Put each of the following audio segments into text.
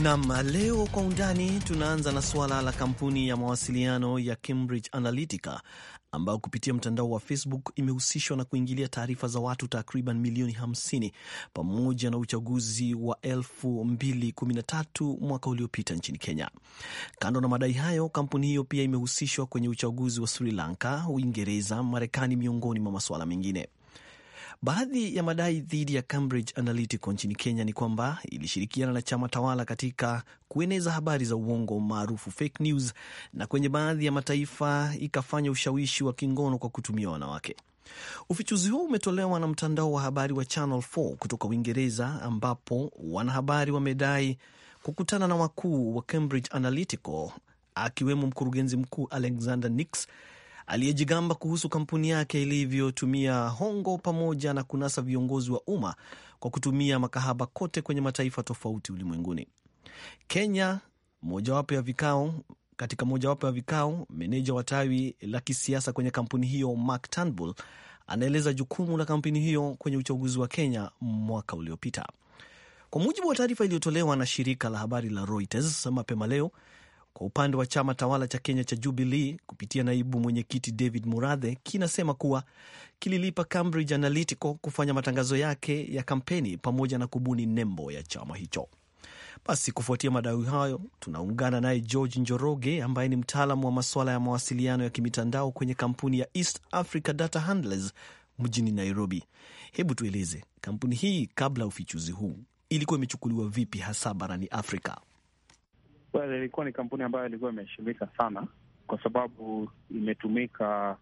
Nam, leo kwa undani tunaanza na suala la kampuni ya mawasiliano ya Cambridge Analytica ambayo kupitia mtandao wa Facebook imehusishwa na kuingilia taarifa za watu takriban milioni 50 pamoja na uchaguzi wa 2013 mwaka uliopita nchini Kenya. Kando na madai hayo, kampuni hiyo pia imehusishwa kwenye uchaguzi wa Sri Lanka, Uingereza, Marekani, miongoni mwa masuala mengine. Baadhi ya madai dhidi ya Cambridge Analytica nchini Kenya ni kwamba ilishirikiana na chama tawala katika kueneza habari za uongo maarufu fake news, na kwenye baadhi ya mataifa ikafanya ushawishi wa kingono kwa kutumia wanawake. Ufichuzi huu umetolewa na mtandao wa habari wa Channel 4 kutoka Uingereza, ambapo wanahabari wamedai kukutana na wakuu wa Cambridge Analytica akiwemo mkurugenzi mkuu Alexander Nix aliyejigamba kuhusu kampuni yake ilivyotumia hongo pamoja na kunasa viongozi wa umma kwa kutumia makahaba kote kwenye mataifa tofauti ulimwenguni. Kenya, mojawapo ya vikao katika mojawapo ya vikao, meneja wa tawi la kisiasa kwenye kampuni hiyo Mark Turnbull anaeleza jukumu la kampuni hiyo kwenye uchaguzi wa Kenya mwaka uliopita. Kwa mujibu wa taarifa iliyotolewa na shirika la habari la Reuters mapema leo, kwa upande wa chama tawala cha Kenya cha Jubilee kupitia naibu mwenyekiti David Murathe kinasema kuwa kililipa Cambridge Analytical kufanya matangazo yake ya kampeni pamoja na kubuni nembo ya chama hicho. Basi kufuatia madai hayo, tunaungana naye George Njoroge ambaye ni mtaalamu wa masuala ya mawasiliano ya kimitandao kwenye kampuni ya East Africa Data Handlers mjini Nairobi. Hebu tueleze kampuni hii, kabla ufichuzi huu, ilikuwa imechukuliwa vipi hasa barani Afrika? Well, ilikuwa ni kampuni ambayo ilikuwa imeheshimika sana kwa sababu imetumika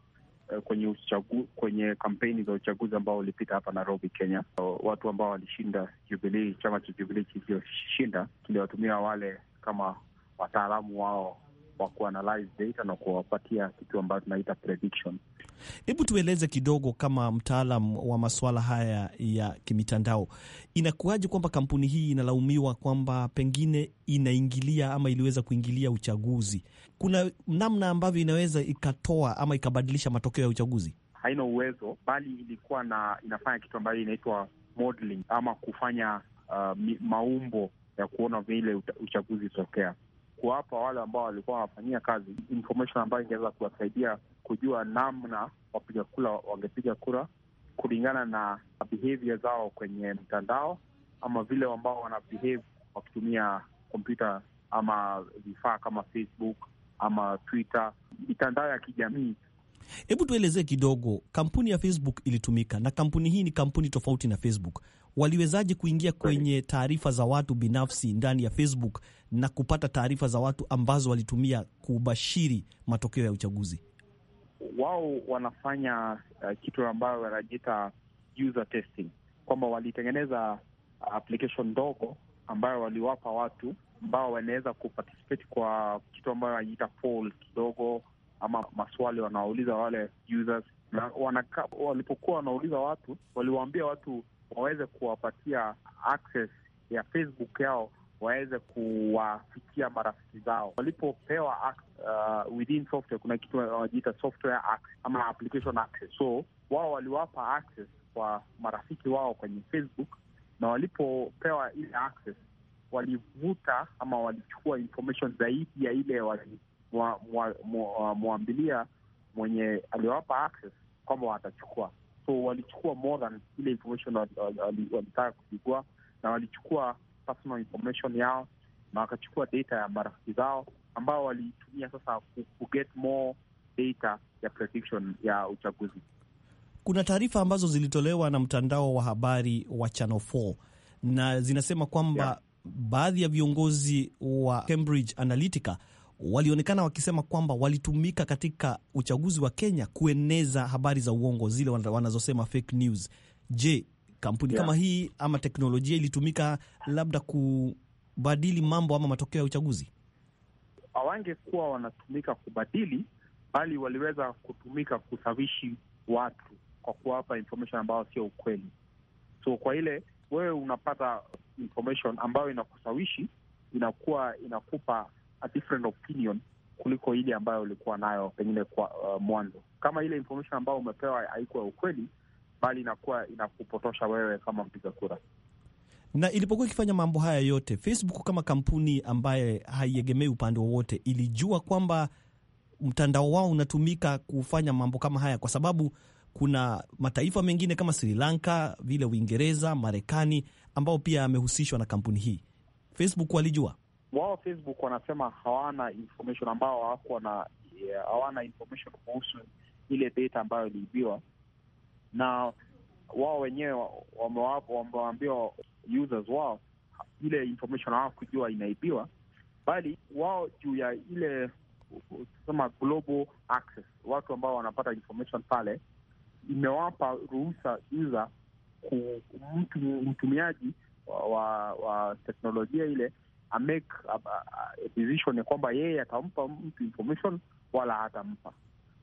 eh, kwenye uchagu, kwenye kampeni za uchaguzi ambao ulipita hapa Nairobi, Kenya. Watu ambao walishinda Jubilii, chama cha Jubilii kilioshinda kiliwatumia wale kama wataalamu wao wa kuanalyze data na kuwapatia kitu ambayo tunaita prediction. Hebu tueleze kidogo, kama mtaalam wa masuala haya ya kimitandao, inakuwaje kwamba kampuni hii inalaumiwa kwamba pengine inaingilia ama iliweza kuingilia uchaguzi? Kuna namna ambavyo inaweza ikatoa ama ikabadilisha matokeo ya uchaguzi? Haina uwezo, bali ilikuwa na inafanya kitu ambayo inaitwa modeling ama kufanya uh, maumbo ya kuona vile uchaguzi tokea kuwapa wale ambao walikuwa wanafanyia kazi information ambayo ingeweza kuwasaidia kujua namna wapiga kura wangepiga kura kulingana na behavior zao kwenye mtandao ama vile ambao wana behave wakitumia kompyuta ama vifaa kama Facebook ama Twitter, mitandao ya kijamii. Hebu tuelezee kidogo, kampuni ya Facebook ilitumika, na kampuni hii ni kampuni tofauti na Facebook waliwezaje kuingia kwenye taarifa za watu binafsi ndani ya Facebook na kupata taarifa za watu ambazo walitumia kubashiri matokeo ya uchaguzi? Wao wanafanya uh, kitu ambayo wanajiita user testing, kwamba walitengeneza uh, application ndogo ambayo waliwapa watu ambao wanaweza kuparticipate kwa kitu ambayo wanajiita poll kidogo, ama maswali wanawauliza wale users, na walipokuwa wanauliza watu, waliwaambia watu waweze kuwapatia access ya Facebook yao waweze kuwafikia marafiki zao walipopewa uh, within software kuna kitu wanajiita software access ama application access. So wao waliwapa access kwa marafiki wao kwenye Facebook, na walipopewa ile access walivuta ama walichukua information zaidi ya ile walimwambilia mwa, mwa, mwenye aliwapa access kwamba watachukua so walichukua more than ile information walitaka kupigua, na walichukua personal information yao na wakachukua data ya marafiki zao ambao walitumia sasa kuget more data ya prediction ya uchaguzi. Kuna taarifa ambazo zilitolewa na mtandao wa habari wa chano 4 na zinasema kwamba yeah, baadhi ya viongozi wa Cambridge Analytica walionekana wakisema kwamba walitumika katika uchaguzi wa Kenya kueneza habari za uongo zile wanazosema fake news. Je, kampuni yeah, kama hii ama teknolojia ilitumika labda kubadili mambo ama matokeo ya uchaguzi? Hawangekuwa wanatumika kubadili, bali waliweza kutumika kusawishi watu kwa kuwapa information ambayo sio ukweli. So kwa ile wewe unapata information ambayo inakusawishi, inakuwa inakupa a different opinion kuliko ile ambayo ulikuwa nayo pengine kwa uh, mwanzo. Kama ile information ambayo umepewa haikuwa ukweli, bali inakuwa inakupotosha wewe kama mpiga kura. Na ilipokuwa ikifanya mambo haya yote, Facebook kama kampuni ambaye haiegemei upande wowote, ilijua kwamba mtandao wao unatumika kufanya mambo kama haya, kwa sababu kuna mataifa mengine kama Sri Lanka, vile Uingereza, Marekani ambao pia yamehusishwa na kampuni hii. Facebook walijua wao Facebook wanasema hawana information ambao hawako na hawana information kuhusu ile data ambayo iliibiwa, na wao wenyewe wamewaambia users wao ile information hawakujua inaibiwa, bali wao juu ya ile tusema global access, watu ambao wanapata information pale, imewapa ruhusa user mtumiaji wa, wa, wa teknolojia ile a a, a decision ya kwamba yeye atampa mtu information wala hatampa.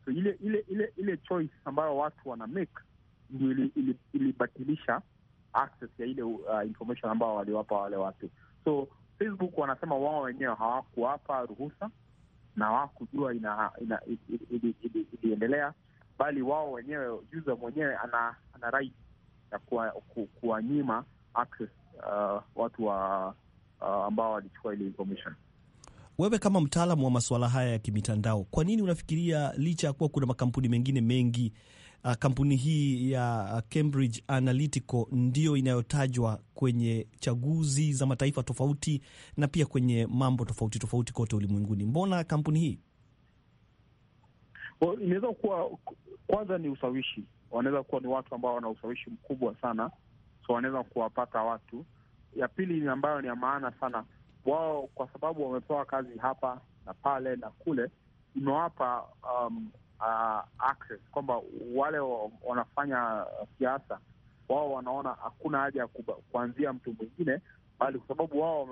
So ile ile ile ile choice ambayo watu wana make ndio ilibatilisha ili, ili access ya ile uh, information ambayo waliwapa wale watu. So Facebook wanasema wao wenyewe hawakuwapa ruhusa na hawakujua ina, ina, iliendelea, bali wao wenyewe user mwenyewe ana ana right ya kuwanyima ku, access uh, watu wa uh, ambao walichukua ile information. Wewe kama mtaalamu wa masuala haya ya kimitandao, kwa nini unafikiria licha ya kuwa kuna makampuni mengine mengi uh, kampuni hii ya uh, Cambridge Analytica ndiyo inayotajwa kwenye chaguzi za mataifa tofauti na pia kwenye mambo tofauti tofauti kote ulimwenguni? Mbona kampuni hii well, inaweza kuwa kwanza ni ushawishi, wanaweza kuwa ni watu ambao wana ushawishi mkubwa sana, so wanaweza kuwapata watu ya pili ambayo ni ya maana sana, wao kwa sababu wamepewa kazi hapa na pale na kule, imewapa um, uh, access kwamba wale wanafanya siasa wao wanaona hakuna haja ya kuanzia mtu mwingine, bali kwa sababu wao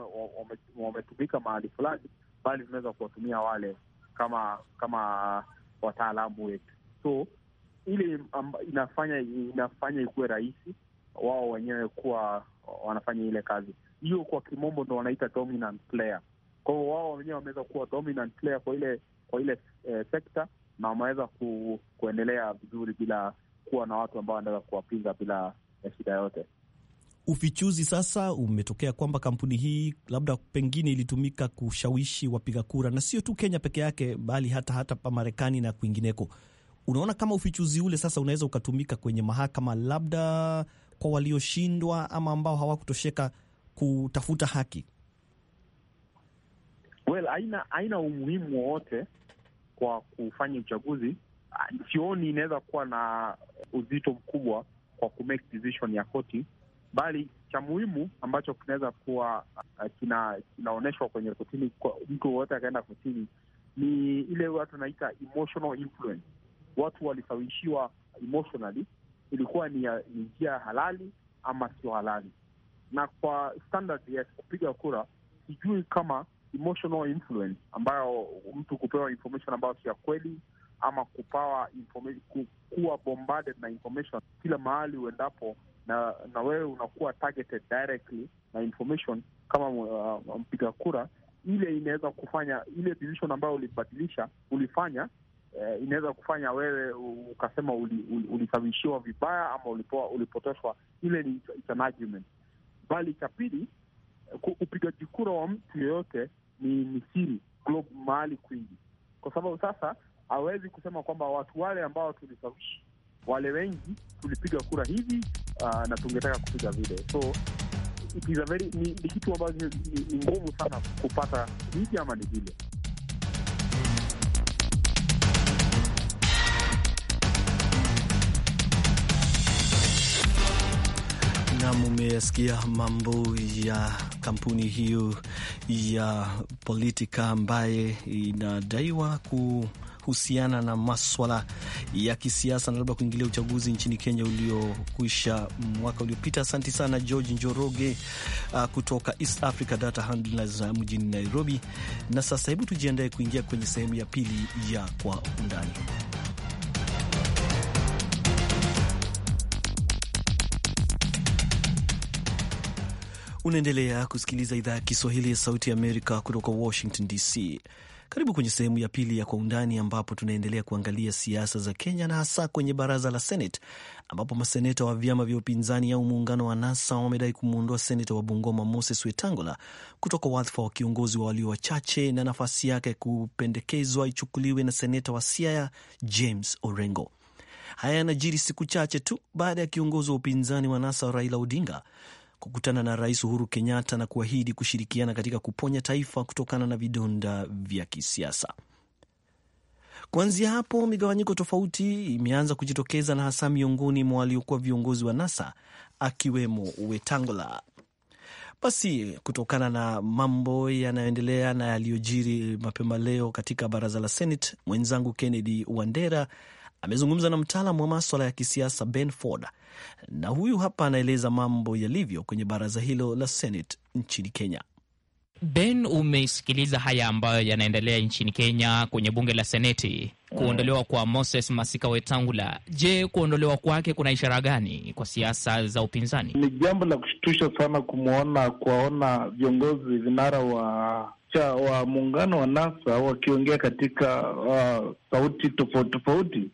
wametumika mahali fulani, bali tunaweza kuwatumia wale kama kama wataalamu wetu. So ili inafanya inafanya ikuwe rahisi wao wenyewe kuwa wanafanya ile kazi hiyo. Kwa kimombo ndo wanaita dominant player. Kwa hiyo wao wenyewe wameweza kuwa dominant player kwa ile kwa ile eh, sekta na wameweza ku, kuendelea vizuri bila kuwa na watu ambao wanaweza kuwapinga bila eh, shida yote. Ufichuzi sasa umetokea kwamba kampuni hii labda pengine ilitumika kushawishi wapiga kura, na sio tu Kenya peke yake, bali hata hata pa Marekani na kwingineko. Unaona kama ufichuzi ule sasa unaweza ukatumika kwenye mahakama, labda kwa walioshindwa ama ambao hawakutosheka kutafuta haki? Well, haina haina umuhimu wowote kwa kufanya uchaguzi. Sioni inaweza kuwa na uzito mkubwa kwa ku decision ya koti, bali cha muhimu ambacho kinaweza kuwa uh, kina, kinaonyeshwa kwenye kotini, mtu wowote akaenda kotini, ni ile watu wanaita emotional influence. Watu walisawishiwa emotionally ilikuwa ni njia halali ama sio halali. Na kwa standard ya yes, kupiga kura, sijui kama emotional influence ambayo mtu kupewa information ambayo si ya kweli ama kupawa kuwa bombarded na information kila mahali uendapo, na na wewe unakuwa targeted directly na information kama uh, mpiga kura, ile inaweza kufanya ile decision ambayo ulibadilisha ulifanya eh, inaweza kufanya wewe ukasema ulisawishiwa uli, uli vibaya ama ulipotoshwa. Ile ni it's an argument. Bali cha pili, eh, upigaji kura wa mtu yeyote ni ni siri globe mahali kwingi, kwa sababu sasa hawezi kusema kwamba watu wale ambao tulisawishi wale wengi tulipiga kura hivi, uh, na tungetaka kupiga vile so it is a very, ni, ni kitu ambacho ni ngumu sana kupata hivi ama ni vile Naam, umeyasikia mambo ya kampuni hiyo ya Politika ambaye inadaiwa ku husiana na maswala ya kisiasa na labda kuingilia uchaguzi nchini Kenya uliokwisha mwaka uliopita. asanti sana George Njoroge uh, kutoka East Africa Data Handlers uh, mjini Nairobi. Na sasa hebu tujiandae kuingia kwenye sehemu ya pili ya Kwa Undani. Unaendelea kusikiliza idhaa ya Kiswahili ya Sauti ya Amerika kutoka Washington DC. Karibu kwenye sehemu ya pili ya Kwa Undani, ambapo tunaendelea kuangalia siasa za Kenya na hasa kwenye baraza la Senate, ambapo maseneta wa vyama vya upinzani au muungano wa NASA wamedai kumwondoa seneta wa Bungoma Moses Wetangola kutoka wadhifa wa kiongozi wa walio wachache na nafasi yake kupendekezwa ichukuliwe na seneta wa Siaya James Orengo. Haya yanajiri siku chache tu baada ya kiongozi wa upinzani wa NASA Raila Odinga kukutana na Rais Uhuru Kenyatta na kuahidi kushirikiana katika kuponya taifa kutokana na vidonda vya kisiasa. Kuanzia hapo migawanyiko tofauti imeanza kujitokeza na hasa miongoni mwa waliokuwa viongozi wa NASA akiwemo Wetangola. Basi, kutokana na mambo yanayoendelea na yaliyojiri mapema leo katika baraza la Senate, mwenzangu Kennedy Wandera amezungumza na mtaalamu wa maswala ya kisiasa Ben Ford, na huyu hapa anaeleza mambo yalivyo kwenye baraza hilo la Senate nchini Kenya. Ben, umesikiliza haya ambayo yanaendelea nchini Kenya kwenye bunge la Seneti, kuondolewa kwa Moses Masika Wetangula. Je, kuondolewa kwake kuna ishara gani kwa siasa za upinzani? Ni jambo la kushtusha sana kumwona kuwaona viongozi vinara wa cha wa muungano wa NASA wakiongea katika uh, sauti tofauti tofauti.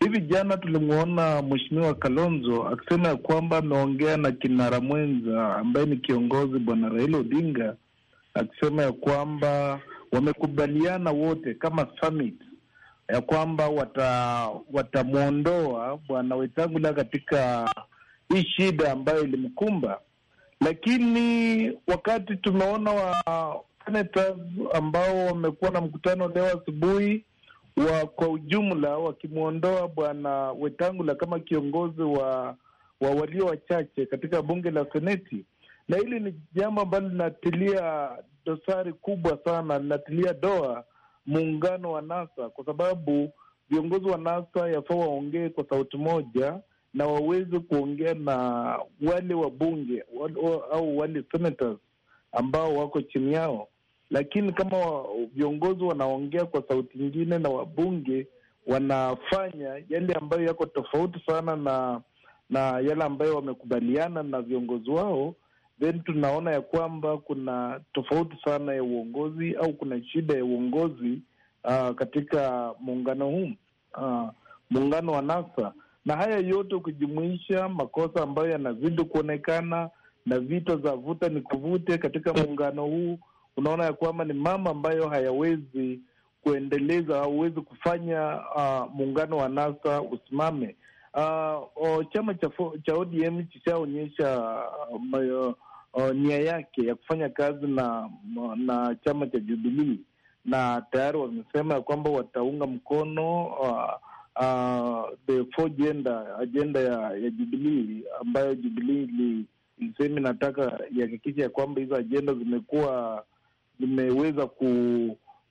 Hivi jana tulimwona Mheshimiwa Kalonzo akisema ya kwamba ameongea na kinara mwenza ambaye ni kiongozi Bwana Raila Odinga, akisema ya kwamba wamekubaliana wote kama summit ya kwamba watamwondoa wata Bwana Wetangula katika hii shida ambayo ilimkumba, lakini wakati tumeona wa senators ambao wamekuwa na mkutano leo asubuhi wa kwa ujumla wakimwondoa bwana Wetangula kama kiongozi wa wa walio wachache katika bunge la Seneti, na hili ni jambo ambalo linatilia dosari kubwa sana, linatilia doa muungano wa NASA kwa sababu viongozi wa NASA yafaa waongee kwa sauti moja na waweze kuongea na wale wabunge bunge au wale senators ambao wako chini yao lakini kama viongozi wanaongea kwa sauti nyingine na wabunge wanafanya yale ambayo yako tofauti sana na na yale ambayo wamekubaliana na viongozi wao, then tunaona ya kwamba kuna tofauti sana ya uongozi au kuna shida ya uongozi uh, katika muungano huu uh, muungano wa NASA na haya yote ukijumuisha makosa ambayo yanazidi kuonekana na vita za vuta ni kuvute katika muungano huu unaona ya kwamba ni mama ambayo hayawezi kuendeleza au huwezi kufanya uh, muungano wa NASA usimame. Uh, chama cha, cha ODM kishaonyesha uh, uh, nia yake ya kufanya kazi na na chama cha Jubilii na tayari wamesema ya kwamba wataunga mkono uh, uh, the four ya, ya Jubilii ambayo Jubilii ilisema inataka ihakikisha ya kwamba hizo ajenda zimekuwa limeweza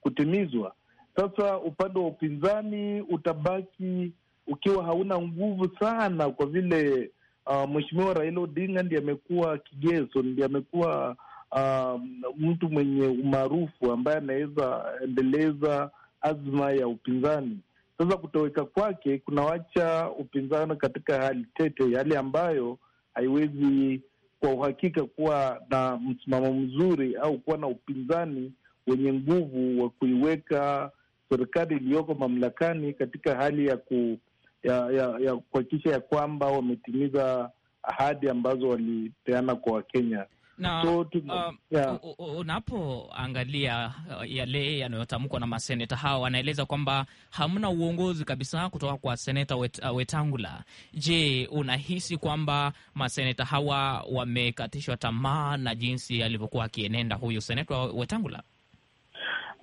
kutimizwa. Sasa upande wa upinzani utabaki ukiwa hauna nguvu sana, kwa vile uh, mheshimiwa Raila Odinga ndiye amekuwa kigezo, ndiye amekuwa uh, mtu mwenye umaarufu ambaye anaweza endeleza azma ya upinzani. Sasa kutoweka kwake kunawacha upinzani katika hali tete, hali ambayo haiwezi kwa uhakika kuwa na msimamo mzuri au kuwa na upinzani wenye nguvu wa kuiweka serikali iliyoko mamlakani katika hali ya ku ya kuhakikisha ya, ya kwamba wametimiza ahadi ambazo walipeana kwa Wakenya na so, uh, yeah. Unapoangalia uh, yale yanayotamkwa na maseneta hao, wanaeleza kwamba hamna uongozi kabisa kutoka kwa seneta wet, uh, Wetangula. Je, unahisi kwamba maseneta hawa wamekatishwa tamaa na jinsi alivyokuwa akienenda huyu seneta Wetangula?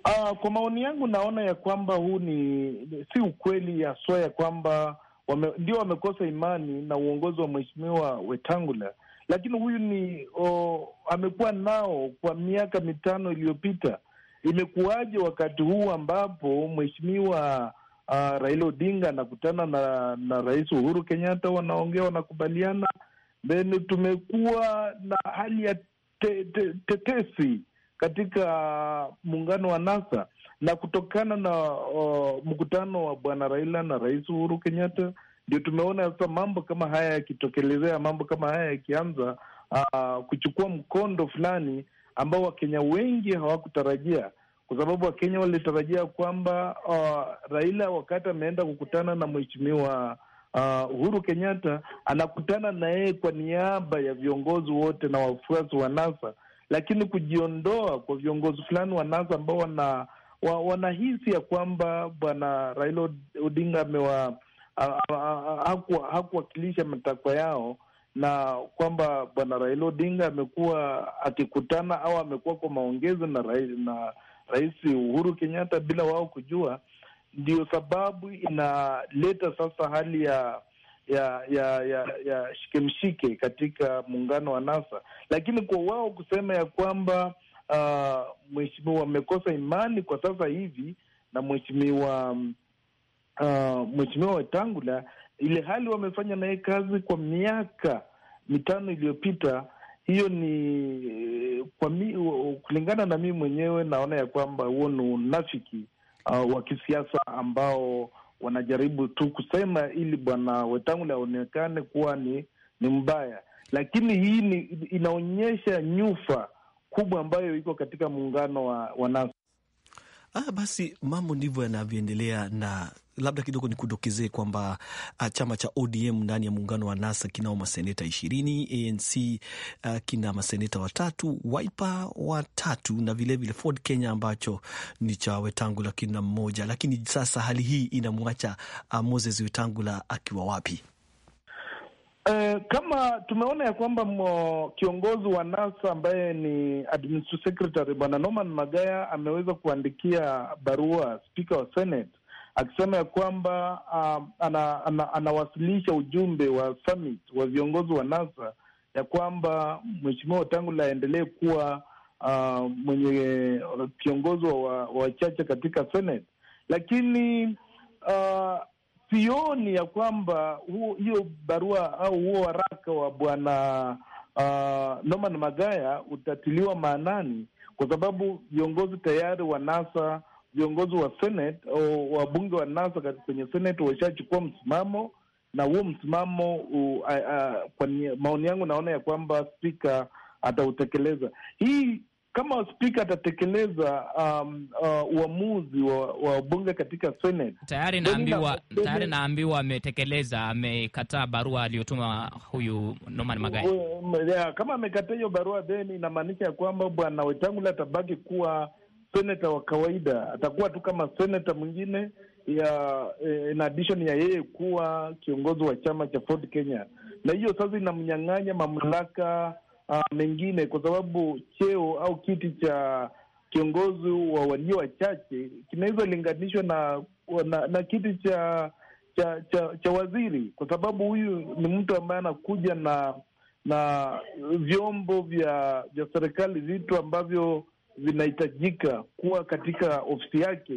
Uh, kwa maoni yangu naona ya kwamba huu ni si ukweli haswa ya, ya kwamba wame, ndio wamekosa imani na uongozi wa mheshimiwa Wetangula lakini huyu ni amekuwa nao kwa miaka mitano iliyopita. Imekuwaje wakati huu ambapo mheshimiwa uh, Raila Odinga anakutana na na Rais Uhuru Kenyatta, wanaongea wanakubaliana, then tumekuwa na hali ya te, te, tetesi katika muungano wa NASA na kutokana na uh, mkutano wa bwana Raila na Rais Uhuru Kenyatta ndio tumeona sasa mambo kama haya yakitokelezea, mambo kama haya yakianza uh, kuchukua mkondo fulani ambao Wakenya wengi hawakutarajia, kwa sababu Wakenya walitarajia kwamba uh, Raila wakati ameenda kukutana na mheshimiwa uh, Uhuru Kenyatta anakutana na yeye kwa niaba ya viongozi wote na wafuasi wa NASA, lakini kujiondoa kwa viongozi fulani wa NASA ambao wana, wa, wanahisi ya kwamba bwana Raila Odinga amewa hakuwakilisha matakwa yao, na kwamba bwana Raila Odinga amekuwa akikutana au amekuwa kwa maongezo na rais, na rais Uhuru Kenyatta bila wao kujua. Ndio sababu inaleta sasa hali ya ya ya ya ya shikemshike katika muungano wa NASA, lakini kwa wao kusema ya kwamba uh, mheshimiwa amekosa imani kwa sasa hivi na mheshimiwa um, mweshimiwa uh, mheshimiwa Wetangula, ile hali wamefanya naye kazi kwa miaka mitano iliyopita. Hiyo ni eh, kwa mi, kulingana na mimi mwenyewe naona ya kwamba huo ni unafiki uh, wa kisiasa ambao wanajaribu tu kusema ili bwana Wetangula aonekane kuwa ni ni mbaya, lakini hii ni, inaonyesha nyufa kubwa ambayo iko katika muungano wa, wa NASA. Ah, basi mambo ndivyo yanavyoendelea na labda kidogo nikudokezee kwamba ah, chama cha ODM ndani ya muungano wa NASA kinao maseneta ishirini, ANC uh, ah, kina maseneta watatu, Wiper watatu na vilevile vile Ford Kenya ambacho ni cha Wetangula kina mmoja, lakini sasa hali hii inamwacha uh, Moses Wetangula akiwa wapi? E, kama tumeona ya kwamba kiongozi wa NASA ambaye ni administrative secretary bwana Norman Magaya ameweza kuandikia barua spika wa Senate akisema ya kwamba uh, ana, ana, anawasilisha ujumbe wa summit wa viongozi wa NASA ya kwamba mheshimiwa Wetang'ula aendelee kuwa um, uh, mwenye kiongozi wa wachache katika Senate, lakini uh, sioni ya kwamba hiyo barua au huo waraka wa bwana uh, Norman Magaya utatiliwa maanani, kwa sababu viongozi tayari wa NASA, viongozi wa Senate, wabunge wa NASA kwenye Senate washachukua msimamo, na huo msimamo uh, uh, kwa maoni yangu naona ya kwamba spika atautekeleza hii kama spika atatekeleza um, uh, uamuzi wa, wa bunge katika Senate. Tayari naambiwa tayari naambiwa ametekeleza, amekataa barua aliyotuma huyu Norman Magai. Kama amekataa hiyo barua, then inamaanisha ya kwamba bwana Wetangula atabaki kuwa seneta wa kawaida, atakuwa tu kama seneta mwingine ya eh, in addition ya yeye kuwa kiongozi wa chama cha Ford Kenya, na hiyo sasa inamnyang'anya mamlaka uh, mengine, kwa sababu cheo au kiti cha kiongozi wa walio wachache kinaweza linganishwa na, na na kiti cha cha cha, cha waziri, kwa sababu huyu ni mtu ambaye anakuja na na vyombo vya vya serikali, vitu ambavyo vinahitajika kuwa katika ofisi yake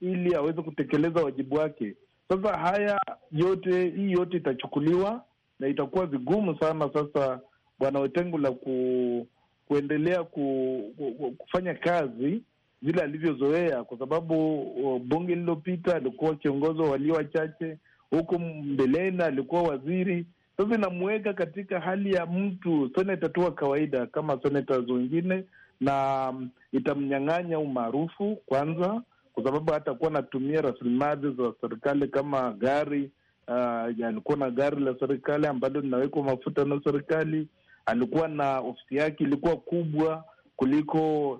ili aweze kutekeleza wajibu wake. Sasa haya yote, hii yote itachukuliwa na itakuwa vigumu sana sasa bwana la ku, kuendelea ku, ku, kufanya kazi vile alivyozoea, kwa sababu uh, bunge lililopita alikuwa kiongozi wa walio wachache, huku mbeleni alikuwa waziri. Sasa inamuweka katika hali ya mtu seneta tu wa kawaida kama seneta wengine, na um, itamnyang'anya umaarufu kwanza, kwa sababu hatakuwa anatumia rasilimali za serikali kama gari. Uh, alikuwa na gari la serikali ambalo linawekwa mafuta na serikali alikuwa na ofisi yake ilikuwa kubwa kuliko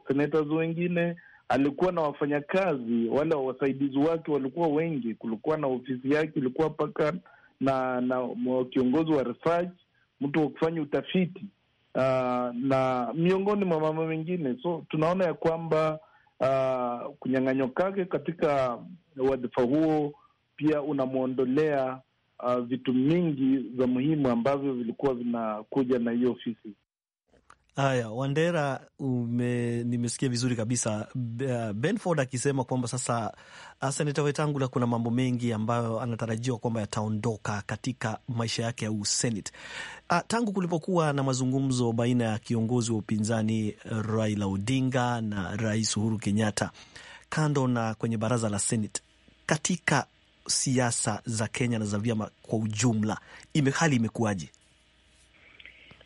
senators wengine, alikuwa na wafanyakazi wale wasaidizi wake walikuwa wengi, kulikuwa na ofisi yake ilikuwa mpaka na na kiongozi wa research, mtu wa kufanya utafiti uh, na miongoni mwa mambo mengine. So tunaona ya kwamba uh, kunyang'anywa kake katika wadhifa huo pia unamwondolea uh, vitu mingi za muhimu ambavyo vilikuwa vinakuja na hiyo ofisi. Haya, Wandera, ume, nimesikia vizuri kabisa uh, Benford akisema kwamba sasa uh, seneta Wetangula kuna mambo mengi ambayo anatarajiwa kwamba yataondoka katika maisha yake ya usenate uh, tangu kulipokuwa na mazungumzo baina ya kiongozi wa upinzani Raila Odinga na Rais Uhuru Kenyatta, kando na kwenye baraza la senate katika siasa za Kenya na za vyama kwa ujumla, ime hali imekuwaje?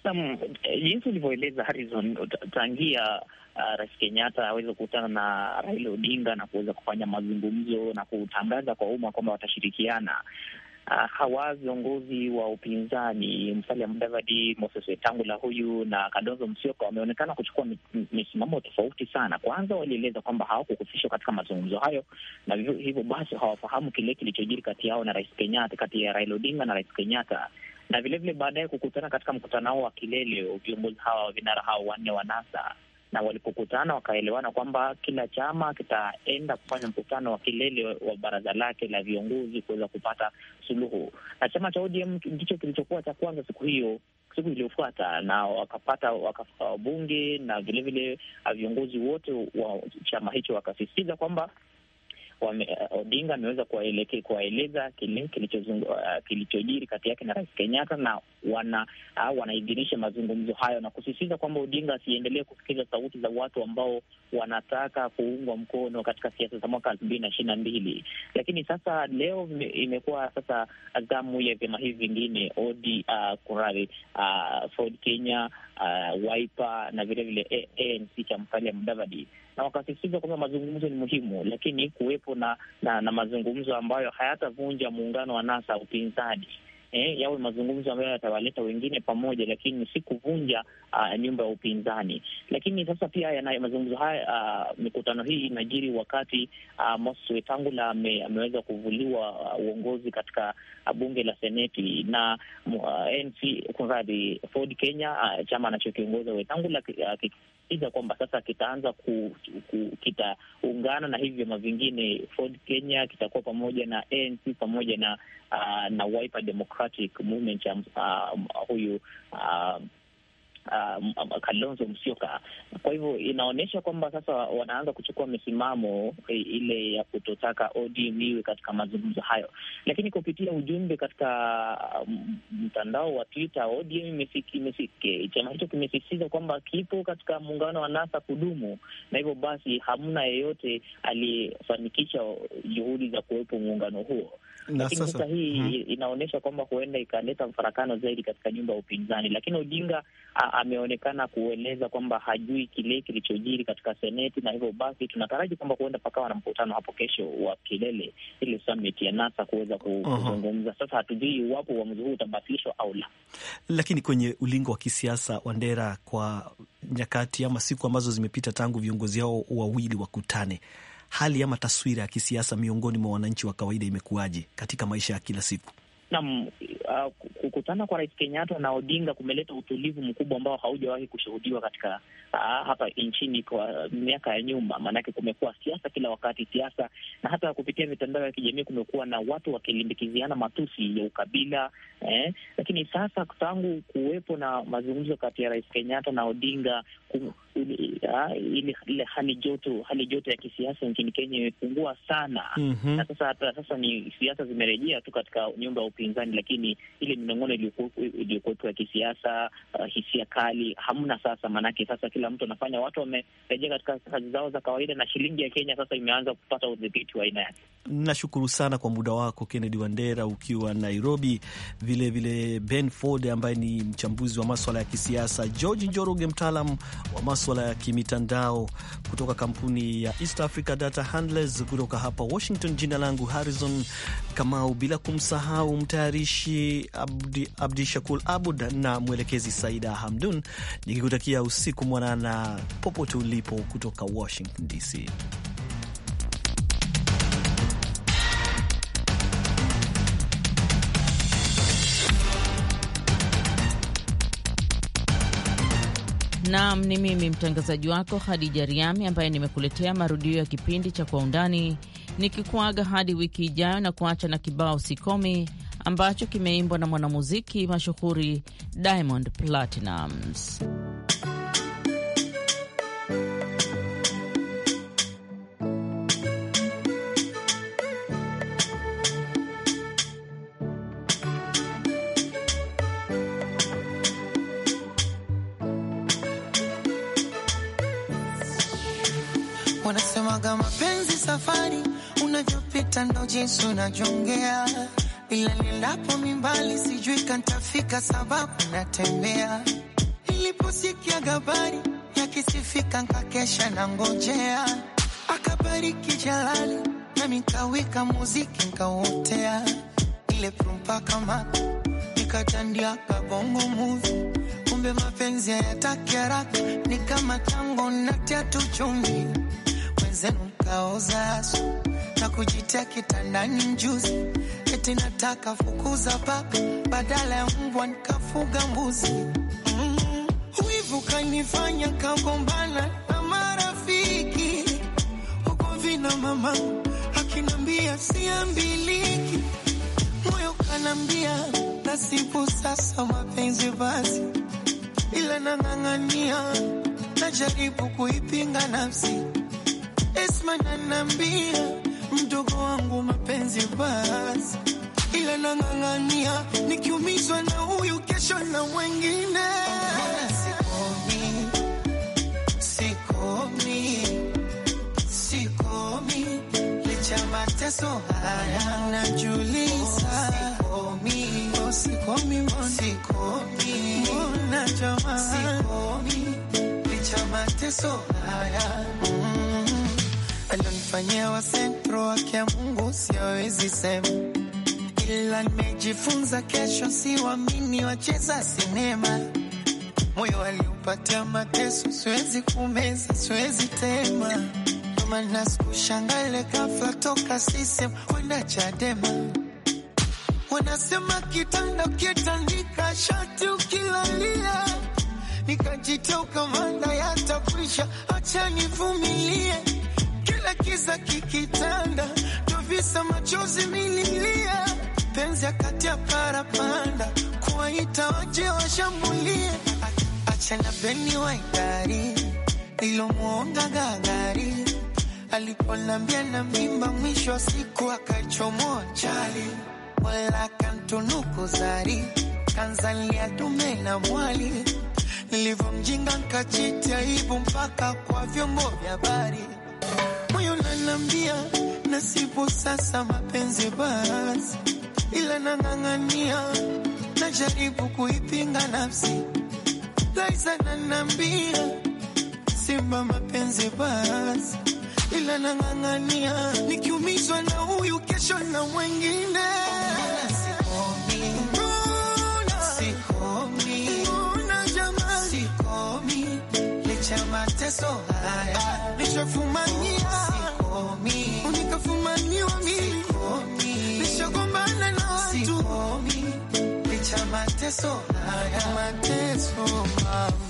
Naam, jinsi ulivyoeleza Harrison, tangia uh, Rais Kenyatta aweze kukutana na Raila Odinga na kuweza kufanya mazungumzo na kutangaza kwa umma kwamba watashirikiana uh, hawa viongozi wa upinzani Musalia Mudavadi, Moses Wetangula huyu na kadonzo Musyoka wameonekana kuchukua misimamo tofauti sana. Kwanza walieleza kwamba hawakuhusishwa katika mazungumzo hayo, na hivyo basi hawafahamu kile kilichojiri kati yao na Rais Kenyatta, kati ya Raila Odinga na Rais Kenyatta na vilevile baadaye kukutana katika mkutano wao wa kilele, viongozi hawa vinara hao wanne wa NASA na walipokutana wakaelewana kwamba kila chama kitaenda kufanya mkutano wa kilele wa baraza lake la viongozi kuweza kupata suluhu, na chama cha ODM ndicho kilichokuwa cha kwanza siku hiyo siku iliyofuata na wakapata wabunge na vilevile viongozi wote wa chama hicho wakasisitiza kwamba wame, Odinga ameweza kuwaeleza kile uh, kilichojiri kati yake na Rais Kenyatta na wana uh, wanaidhinisha mazungumzo hayo na kusisitiza kwamba Odinga asiendelee kusikiza sauti za watu ambao wanataka kuungwa mkono katika siasa za mwaka elfu mbili na ishirini na mbili. Lakini sasa leo imekuwa sasa zamu ya vyama hivi vingine odi uh, kurari uh, Ford Kenya uh, Wiper na vilevile ANC cha Musalia Mudavadi, na wakasisitiza kwamba mazungumzo ni muhimu, lakini kuwepo na, na, na mazungumzo ambayo hayatavunja muungano wa NASA upinzani eh, yawe mazungumzo ambayo yatawaleta wengine pamoja, lakini si kuvunja uh, nyumba ya upinzani. Lakini sasa pia yana mazungumzo haya uh, mikutano hii inajiri wakati uh, Moses Wetangula ame, ameweza kuvuliwa uongozi uh, katika uh, bunge la seneti na uh, NC kunradhi, Ford Kenya uh, chama anachokiongoza Wetangula uh, kinasisitiza kwamba sasa kitaanza ku, ku, kitaungana na hivi vyama vingine Ford Kenya kitakuwa pamoja na ANC pamoja na uh, na Wiper Democratic Movement uh, huyu uh, uh, Kalonzo Musyoka. Kwa hivyo inaonyesha kwamba sasa wanaanza kuchukua misimamo e, ile ya kutotaka ODM iwe katika mazungumzo hayo, lakini kupitia ujumbe katika um, mtandao wa Twitter, ODM chama hicho kimesisitiza kwamba kipo katika muungano wa NASA kudumu, na hivyo basi hamna yeyote aliyefanikisha juhudi za kuwepo muungano huo lakini sasa hii hmm, inaonyesha kwamba huenda ikaleta mfarakano zaidi katika nyumba ya upinzani. Lakini Odinga ameonekana kueleza kwamba hajui kile kilichojiri katika seneti, na hivyo basi tunataraji kwamba huenda pakawa na mkutano hapo kesho wa kilele, ile summit ya NASA kuweza kuzungumza. Sasa hatujui iwapo uamuzi huu utabatilishwa au la, lakini kwenye ulingo wa kisiasa Wandera, kwa nyakati ama siku ambazo zimepita tangu viongozi hao wawili wakutane hali ama taswira ya kisiasa miongoni mwa wananchi wa kawaida imekuwaje katika maisha ya kila siku? Naam, uh, kukutana kwa Rais Kenyatta na Odinga kumeleta utulivu mkubwa ambao haujawahi kushuhudiwa katika uh, hapa nchini kwa miaka ya nyuma. Maanake kumekuwa siasa kila wakati, siasa na hata kupitia mitandao ya kijamii kumekuwa na watu wakilimbikiziana matusi ya ukabila eh. Lakini sasa tangu kuwepo na mazungumzo kati ya Rais Kenyatta na Odinga, ile hali joto hali joto ya kisiasa nchini Kenya imepungua sana mm -hmm. Na sasa hata sasa ni siasa zimerejea tu katika nyumba ya upinzani, lakini ile minong'ono iliyokuwepo ya kisiasa, uh, hisia kali hamna sasa. Maanake sasa kila mtu anafanya, watu wamerejea katika kazi zao za kawaida, na shilingi ya Kenya sasa imeanza kupata udhibiti wa aina yake. Nashukuru sana kwa muda wako Kennedy Wandera ukiwa Nairobi, vilevile vile Ben Ford ambaye ni mchambuzi wa maswala ya kisiasa, George Njoroge mtaalam wa maswala ya kimitandao kutoka kampuni ya East Africa Data Handlers kutoka hapa Washington. Jina langu Harrison Kamau, bila kumsahau mtayarishi Abdi, Abdi Shakul Abud na mwelekezi Saida Hamdun, nikikutakia usiku mwanana popote ulipo kutoka Washington DC. Naam, ni mimi mtangazaji wako Hadija Riami ambaye nimekuletea marudio ya kipindi cha Kwa Undani, nikikuaga hadi wiki ijayo na kuacha na kibao Sikomi ambacho kimeimbwa na mwanamuziki mashuhuri Diamond Platinums. Kujitafuta ndo jinsi unajongea, ila nilapo mimbali sijui kantafika, sababu natembea. Niliposikia habari yakisifika, nkakesha na ngojea, akabariki Jalali na mikawika muziki nkauotea, ile prumpaka maka nikatandia kabongo muvi, kumbe mapenzi hayataki haraka, ni kama tango natia tu chumvi, mwenzenu nkaoza asu na kujitia kitandani mjuzi, eti nataka fukuza papi badala ya mbwa nikafuga mbuzi. Mm, kanifanya kagombana na marafiki, huko vina mama akinambia siambiliki, moyo kanambia nasipu sasa mapenzi basi, ila nang'ang'ania, najaribu kuipinga nafsi, Esma nanambia mdogo wangu mapenzi basi, ila nang'ang'ania nikiumizwa na huyu kesho na mwengine Sikomi, licha mateso haya alionifanyia wa sentro wake ya Mungu siwezi sema, ila nimejifunza kesho siwamini wacheza sinema. Moyo waliupatia mateso, siwezi kumeza, siwezi tema, kama nasikushangale ghafla toka sisem kwenda Chadema. Wanasema kitanda kitandika shati ukilalia, nikajitoka manda yatapisha, acha nivumilie kila kiza kikitanda, tovisa machozi mililia, penzi kati ya parapanda, kuwaita waje washambulie, achana beni waidari ilomwonga gagari, aliponambia na mimba, mwisho wa siku akachomoa chali, wala kantunuku zari kanzalia dume na mwali, nilivyomjinga nkachiti aibu mpaka kwa vyombo vya habari nambia nasipo sasa mapenzi basi, ila nang'ang'ania, najaribu kuipinga nafsi. Laiza nanambia simba mapenzi basi, ila nang'ang'ania, nikiumizwa na huyu kesho na mwengine mateso dance so high, I might dance so high.